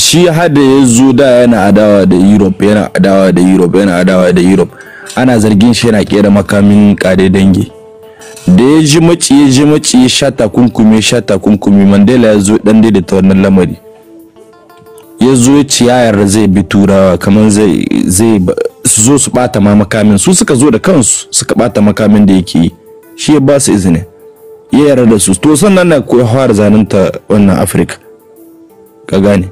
shi hada ya zo da yana adawa da europe yana adawa da europe yana adawa da europe ana zargin shi yana kera makamin kare dangi da ya ji maci ya ji maci ya sha takunkumi ya sha takunkumi mandela ya zo dan daidaita wannan lamari ya zo ya ci yayar zai bi turawa kamar zai zai su zo su bata ma makamin su suka zo da kansu suka bata makamin da yake yi shi ya ba su izini ya yarda da su to sannan na fara ta wannan afirka ka gane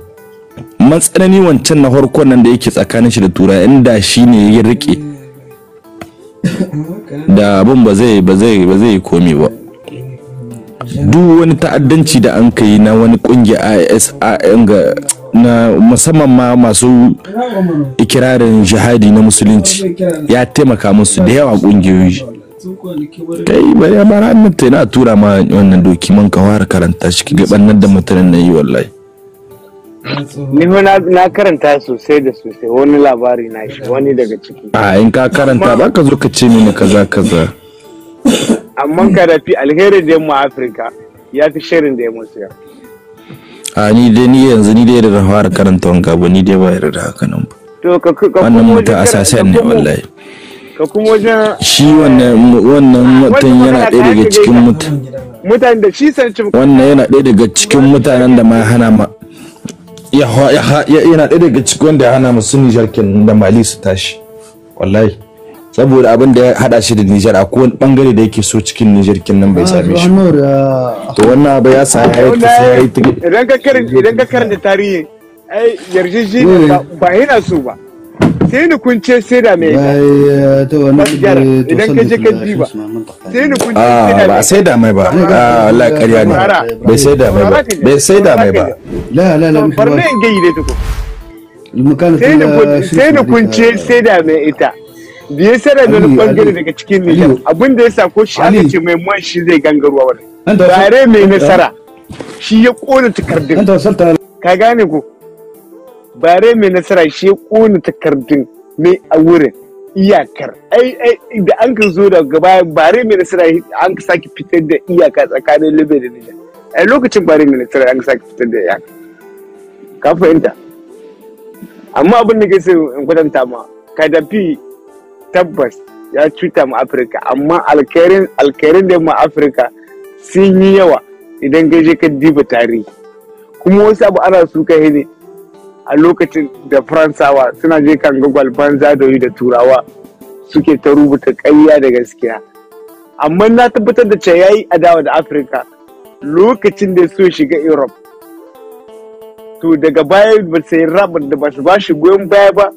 amma tsanani wancan na farkon nan da yake tsakanin shi da tura inda shi ne ya rike da abin ba zai ba zai ba zai komi ba duk wani ta'addanci da an kai na wani kungiya IS na musamman ma masu ikirarin jihadi na musulunci ya taimaka musu da yawa kungiyoyi kai bari bara annabta yana tura ma wannan doki man ka fara karanta shi ga bannan da mutanen nan yi wallahi Ni na karanta sosai da sosai wani labari na shi wani daga ciki. A in ka karanta ba ka zo ka ce mini kaza kaza. Amma ka fi alherin da yamma Afirka ya fi shirin da yamma siya. A ni dai ni yanzu ni dai da fara karanta wanka ba ni dai ba yarda da haka nan ba. To ka ka wannan mutum asasen ne wallahi. Ka kuma wajen shi wannan wannan mutum yana ɗaya daga cikin mutum. Mutane da shi san Wannan yana ɗaya daga cikin mutanen da ma hana ma yana ɗaya daga cikin wanda ya hana musu Nijar kenan da Mali su tashi wallahi saboda abin da ya hada shi da Nijar a kowane bangare da yake so cikin Nijar kenan bai same shi to wannan abu ya sa ya yi sai idan ka karanta tarihi ai yarjejeniya ba yana so ba sai ni kun ce sai da mai idan ka je ka diba sai ni kun ce sai da sai da mai ba Allah ƙarya ne bai sai da mai ba bai sai da mai ba la la la farne in gayi da tuko sai ni kun ce sai da mai ita biye ya da wani bangare daga cikin nijar abin da ya sa ko shi aka ce mai man shi zai gangarwa wani tare mai nasara shi ya kona takardun ka gane ko bare mai nasara shi ya ƙone takardun ne a wurin iyakar ai da an ka zo da gaba bare mai nasara an ka sake fitar da iyaka tsakanin libya da nijar a lokacin bare mai nasara an ka sake fitar da iyaka ka fahimta amma abin da ke in kwatanta ma kadafi tabbas ya cuta ma afirka amma alkairin alkairin da ma afirka sun yi yawa idan gaje ka diba tarihi kuma wasu abu ana suka kai ne a lokacin da faransawa suna je kan gagwal banza da da turawa suke ta rubuta ƙarya da gaskiya amma na tabbatar da ya yayi adawa da afirka lokacin da so shiga europe to daga baya ba sai rabar da ba su ba shi goyon baya ba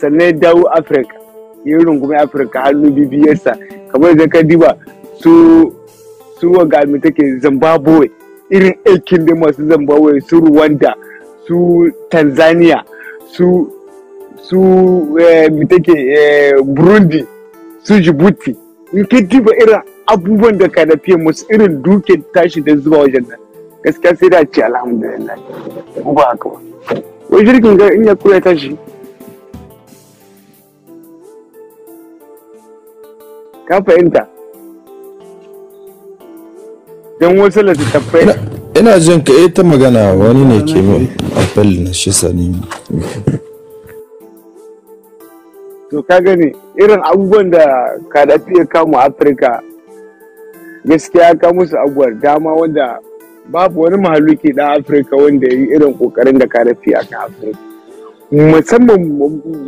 sannan ya dawo afirka ya yi rungume afirka hannu bibiyarsa kamar da ka diba su su ga take zimbabwe irin aikin da masu zimbabwe su rwanda su tanzania su su eh, take eh, burundi su jibuti in ka diba irin abubuwan da ka nafiye musu irin duke tashi da zuwa wajen nan gaskiya sai da ce alhamdulillah ko ba haka ba wai jirgin ga in ya koya tashi ka fahimta don wasu littattafai ina jin ka eh, ta magana wani ne ke mai na shi sani to ka gani irin abubuwan da ka dafi ya kama afirka gaskiya ka musu abubuwar dama wanda babu wani mahaluki ɗan afirka wanda ya yi irin ƙoƙarin da kadafi a kan afirka musamman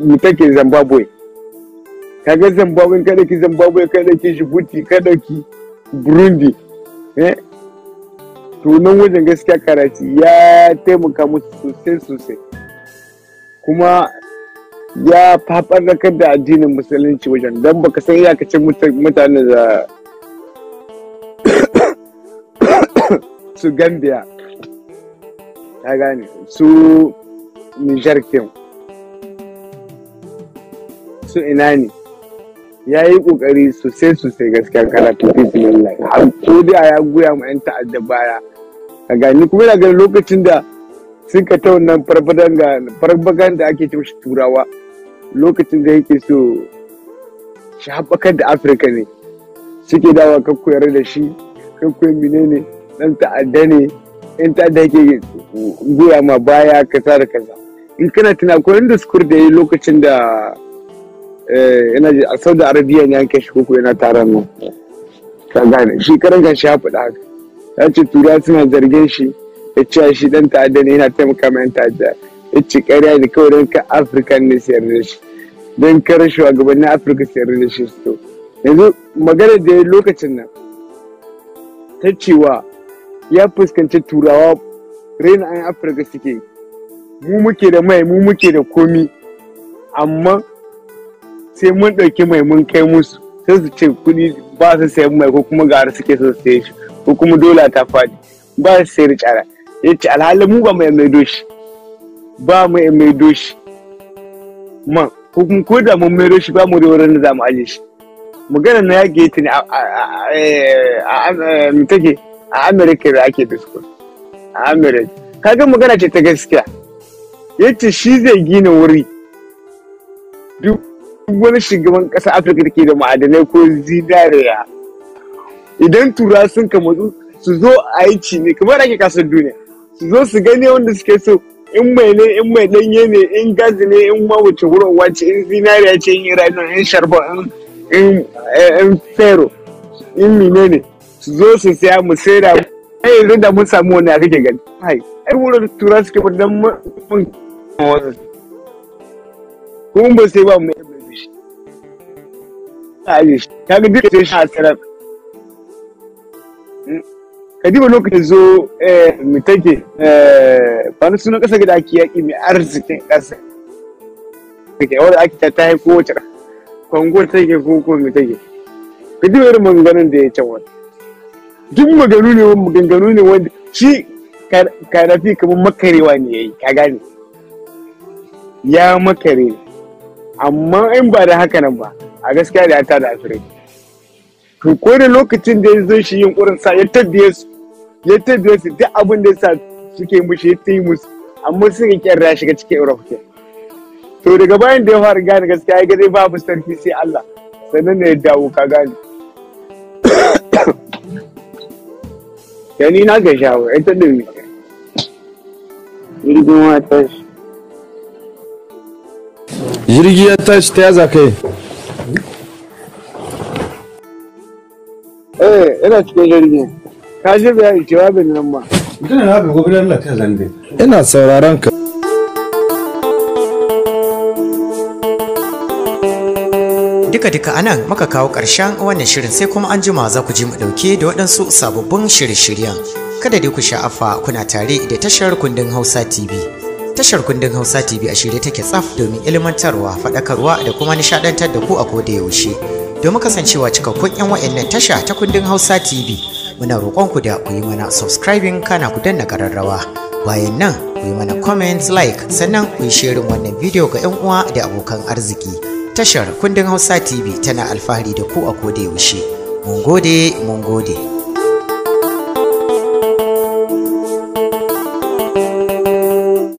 mu take zimbabwe ka ga zimbabwe kada ki zimbabwe kada ki jibuti kada ki burundi eh? tunan wajen gaskiya karatu ya taimaka musu sosai sosai kuma ya faɓarnakar da addinin musulunci wajen don baka san iyakacin mutane da su gambia ya gane su nijar Kim su ina ne ya yi kokari sosai sosai gaskiya karatu lai har ko da ya goya ma 'yan ta'adda baya a gani kuma yana ganin lokacin da sun ka ta wannan farfagan da ake cimshi turawa lokacin da yake so shi haɓakar da afirka ne suke dawa kan koyar da shi kan koyar ne dan ta'adda ne in ta'adda yake goya ma baya kaza da kaza in kana tuna ko inda sukur da yi lokacin da yana eh, a saudi arabiya ne an shi koko yana taron nan ka gane shi karan shi ya da haka ya ce tura suna zargin shi da cewa shi dan ta'adda ne yana taimaka ma ta'adda ya ce ƙarya da kawai don ka afirka ne siyar da shi don kare shugabannin afirka siyar da shi su yanzu magana da ya lokacin nan ta cewa ya fuskanci turawa raina an afirka suke mu muke da mai mu muke da komi amma sai mun ɗauki mai mun kai musu sai su ce kuɗi ba su sayan mai ko kuma gara suke su sai shi ko kuma dola ta faɗi ba su sayar cara ya ce alhalin mu ba mai mai doshi ba mai mai doshi man ko kuma ko da mun mai doshi ba mu da wurin da za mu aje shi Magana na ya ta ne a take a amerika da ake disco a amerika kaga magana ce ta gaskiya ya ce shi zai gina wuri duk wani shugaban ƙasa afirka take da ma'adanai ko zinariya idan tura sun kamatu su zo a yi ci ne kamar ake kasar duniya su zo su gani wanda suke so in mai ne in mai danye ne in gazi ne in ma wuce wurin wace in zinariya ce in rayuwa in sharba in in fero in mine ne su zo su siya mu sai da ai yanzu da mun samu wani kake gani hai ai wurin tura suke ba dan mun kuma ba sai ba mu Alish ta ga duk sai sha sarar kadiba lokacin zo eh, mu take eh, sunan gida ake yaƙi mai arzikin ƙasa wadda ake ta haiko wacce kwango ta ko ko mu take irin maganganun da ya can wani duk ne wani maganganu ne wanda shi kamar makarewa ne ya yi ka gane ya makare amma in ba da haka nan ba a gaskiya da ya tada asirin to ko da lokacin da ya zo shi yunkurin sa ya tabbiye su ya tabbiye su duk abin da sa suke mushi ya ta yi musu amma suka kyarra ya shiga cikin europe ke to daga bayan da ya fara gane gaskiya ya gani babu sarki sai allah sannan ne ya dawo ka gane yani na ga shawo ita da mi jirgin ya tashi ya tashi ta yaza kai eh ina cikin jirgi ka ji jawabin nan ba mutum na ta ina sauraron ka duka-duka anan muka kawo ƙarshen wannan shirin sai kuma an jima za ku ji mu ɗauke da waɗansu sababbin shirye-shiryen kada dai ku sha'afa kuna tare da tashar kundin hausa tv tashar kundin hausa tv a shirye take tsaf domin ilmantarwa faɗakarwa da kuma nishaɗantar da ku a koda yaushe domin kasancewa cikakkun 'yan wa'annan tasha ta kundin Hausa TV. Muna roƙonku da ku yi mana subscribing kana ku danna ƙararrawa. Bayan nan ku yi mana comment like sannan ku yi shirin wannan bidiyo ga 'yan uwa da abokan arziki. Tashar kundin Hausa TV tana alfahari da ku a koda yaushe. Mun gode, mun gode.